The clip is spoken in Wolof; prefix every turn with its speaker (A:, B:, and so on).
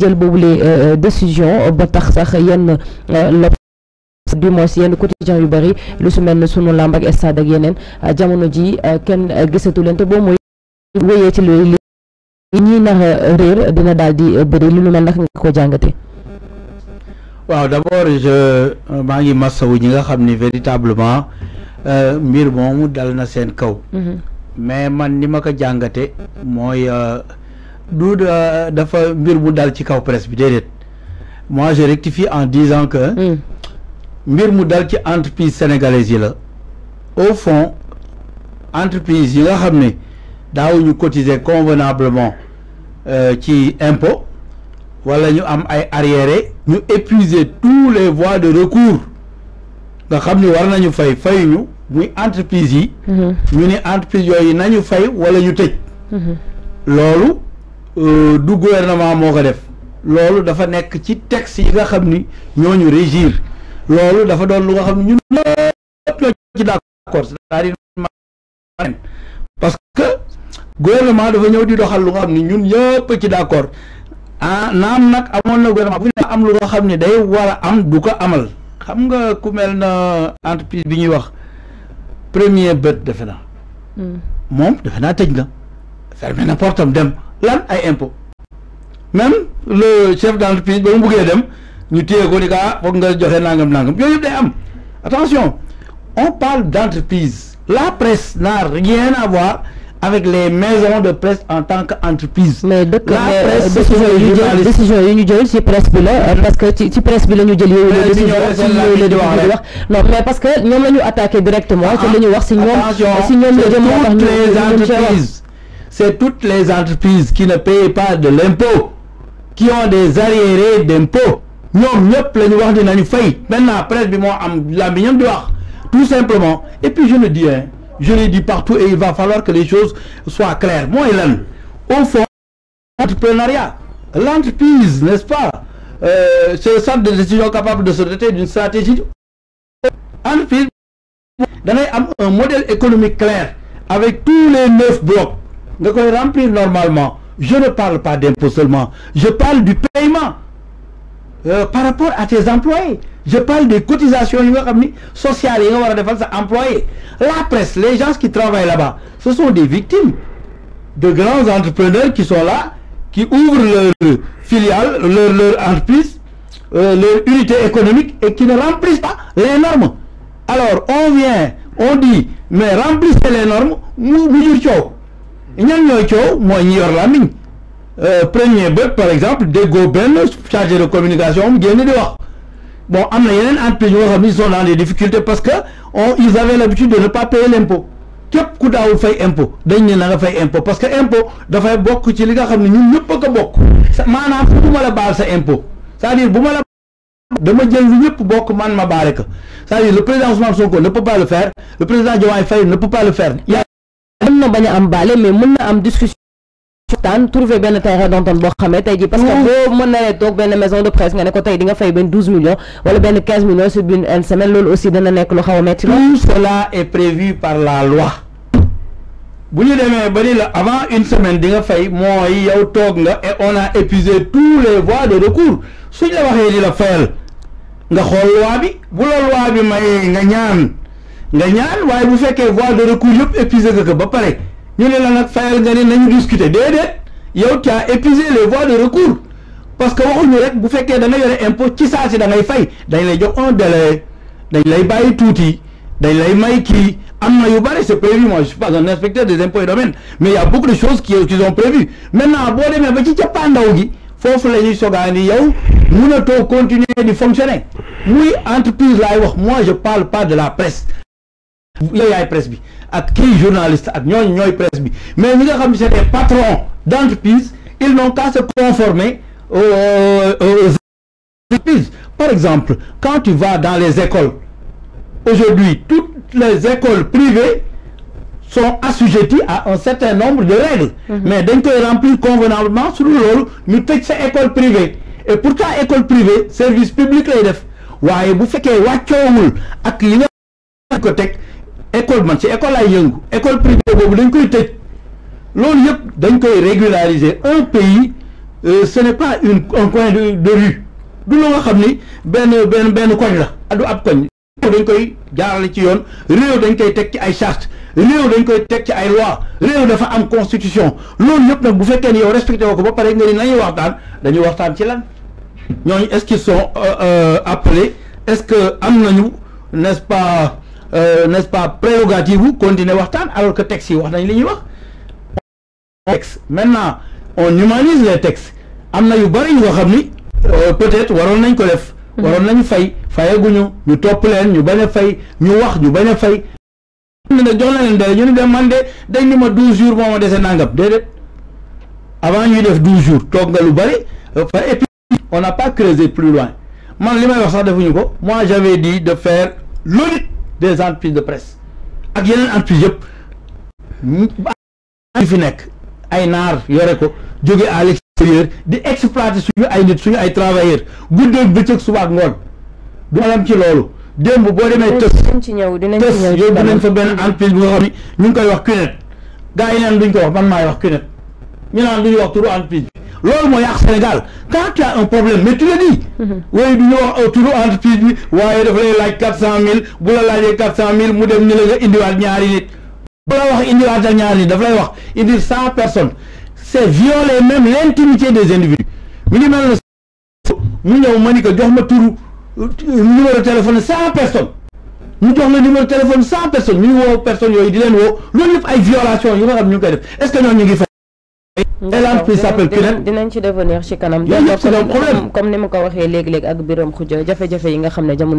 A: jël boobule euh, euh, décision ba tax sax yenn euh, lopp du moins yenn quotidien yu bëri lu su mel ne sunu làmb ak yeneen jamono ji kenn gisatu leen te boo mooy wéyee ci li ñi nara réer dina daal di bëri lu nu mel nag nga ko jàngate waaw d'abord je maa ngi masawu ñi nga xam ni véritablement mbir moomu dal na seen kaw mhm. mais man ni ma ko jàngate mooy du euh, dafa mbir mu dal ci kaw presse bi dedet moi je rectifie en disant que hmm. mbir mu dal ci entreprise sénégalaise là, au fond entreprise yi nga xamné ne ñu cotiser convenablement euh, ci impôt wala ñu am ay arriérés ñu épuiser tous les voies de recours nga xam war nañu fay ñu muy entreprise yi hmm. ñu ni entreprise yooyu nañu fay wala ñu tëj hmm. loolu Euh, du gouvernement moo ko def loolu dafa nek ci texte yi nga xamni ni régir loolu dafa doon lu nga xamni ni ñun ñëpp ci d'accord c'est-à-dire parce que gouvernement dafa ñëw di doxal lu nga xamni ni ñun ñepp ci d'accord ah nam nak amon na gouvernement bu am lu nga xamni day war am du ko amal xam nga ku mel na entreprise bi ñuy wax premier bët defe mom moom defe naa na fermé na portam dem lan ay impôt même le chef d'entreprise ba mu dem ñu téye ko ni kaa foog nga joxé nangam nangam yooyu day am attention on parle d'entreprise la presse n'a rien à voir avec les maisons de presse en tant qu'entreprise. mais de décision yi ñu jël décision yi ñu jël ci presse bi la parce que ci presse bi la ñu jël yooyu la di wax non mais parce que ñom lañu attaquer directement ci la ñu wax ci ñom ci ñom ñu les entreprises c'est toutes les entreprises qui ne payent pas de l'impôt, qui ont des arriérés d'impôts. non le la de de maintenant après, bi mois la million de dollars. tout simplement et puis je le dis hein, je le dis partout et il va falloir que les choses soient claires Moi, lan au fond l'entrepreneuriat, l'entreprise n'est-ce pas ce euh, c'est le centre de décision capable de se doter d'une stratégie un modèle économique clair avec tous les neuf blocs donc remplir normalement je ne parle pas d'impôt seulement je parle du paiement euh, par rapport à tes employés je parle des cotisations sociales et employées. la presse les gens qui travaillent là-bas ce sont des victimes de grands entrepreneurs qui sont là qui ouvrent leur filiale leur leur entreprise euh, leur unité économique et qui ne remplissent pas les normes alors on vient on dit mais remplissez les normes nous nous ñan yor euh, premier par exemple des benn chargé de communication am di wax bon amna yenen yeneen entreprise yoo xam sont dans les difficultés parce que on ils avaient l'habitude de ne pas payer l'impôt kep ku daawul fay impôt dañ ne na nga fay impôt parce que impôt fay bok ci li nga xamni ñun ñepp ko bok manam fu du ma la baal sa impôt c'est-à-dire buma la dama jël lu ñëpp bokk man ma baale ko c'est-à-dire le président Ousmane Sonko ne peut pas le faire le président Diomaye Faye ne peut pas le faire mën na bañ a am baale mais mën na am discussion waxtaan trouver benn terrain d'entente boo xamee tey ji parce que boo mën na ne toog benn maison de presse nga ne ko tey di nga fay benn douze millions wala benn quinze millions sur une semaine loolu aussi dana nekk lu xaw a metti tout cela est prévu par la loi bu ñu demee ba ni la avant une semaine di nga fay mooy yow toog nga et on a épuisé tous les voies de recours suñ la waxee di la fayal nga xool loi bi bu la loi bi may nga ñaan nga ñaan waaye bu voies voie de recours yëpp épuisé que ba paré ñu ne la nag fayal nga ne nañu discuter dédé yow tu as épuisé les voies de recours parce que ñu rek bu fekkee da nga yoré impôt ci saa si da ngay fay dañ lay jox un délai dañ lay bayyi touti dañ lay may ki amna yu bari c'est prévu moi je suis pas un inspecteur des impôts et domaines mais il y a beaucoup de choses qui qui sont prévues maintenant bo démé ba ci cappaandaw gi fofu lañuy sogani yow mëna to continuer di fonctionner Oui, entreprise lay wax moi je parle pas de la presse les presse bi journaliste presse mais nous nga des patrons d'entreprise ils n'ont qu'à se conformer euh, euh, aux entreprises par exemple quand tu vas dans les écoles aujourd'hui toutes les écoles privées sont assujetties à un certain nombre de règles. Mhm. Mais dès que remplir convenablement sur le rôle, nous faisons ces écoles privées. Et pourtant, école privée, service public, les def. vous faites que vous faites que école man ci école ay yëngu école privée bobu dañ koy tëj loolu yëpp dañ koy régulariser un pays euh, ce n'est pas une un coin de de rue du loo nga xam ni ben benn benn koñ la adu ab koñ dañ koy jaral ci yoon rew dañ koy tek ci ay charte rew dañ koy tek ci ay loi rew dafa am constitution loolu yëpp nak bu fekkee ni yow respecté woo ba pare nga ni nañuy waxtaan dañuy waxtaan ci lan ñooñu est-ce qu'ils sont euh, euh, appelés est-ce que am nañu n'est-ce pas euh, n'est-ce pas prérogative wu continuer waxtaan alors que texte, il wax nañ li wax texte maintenant on humanise les textes am na yu bëri yoo xam euh, peut-être waroon nañ ko def mhm. waroon fay fayaguñu ñu top leen ñu bañ a fay ñu wax ñu bañ fay na jox na leen ñu dem man de dañ ni ma 12 jours moo déssé dese nangam avant ñuy def 12 jours toog nga lu bëri euh, et puis on n'a pas creusé plus loin man limay wax sax defuñu ko moi j'avais dit de faire l'audit des entreprises de presse ak yeneen entreprises yëpp ñu fi nekk ay naar yore ko jóge à l'extérieur di exploiter suñu ay nit suñu ay travailleurs guddee bëccëg suba ak ngoon du alam ci loolu démb boo demee tës tës yóbbu nañ fa benn entreprise bu nga xam ni ñu ngi koy wax CUNET gars yi neen duñ ko wax man maay wax CUNET ñu naan duñu wax turu entreprise bi lol moy ak sénégal quand tu as un problème mais tu le dis mhm. way du wax autour entreprise bi waye daf lay laaj 400 000 bu la laajé 400 000 mu dem ni la nga indi wat ñaari nit bu la wax indi wat ñaari nit daf wax indi 100 personnes c'est violer même l'intimité des individus mi ni mel mu ñew manika jox ma turu numéro téléphone 100 personnes ñu jox le numéro de téléphone 100 personnes ñu wo personne yoy di len wo lolou yep ay violation yu nga xam ñu koy def est ce que ñoo ñi ngi elle s'appelle ci devenir un comme nous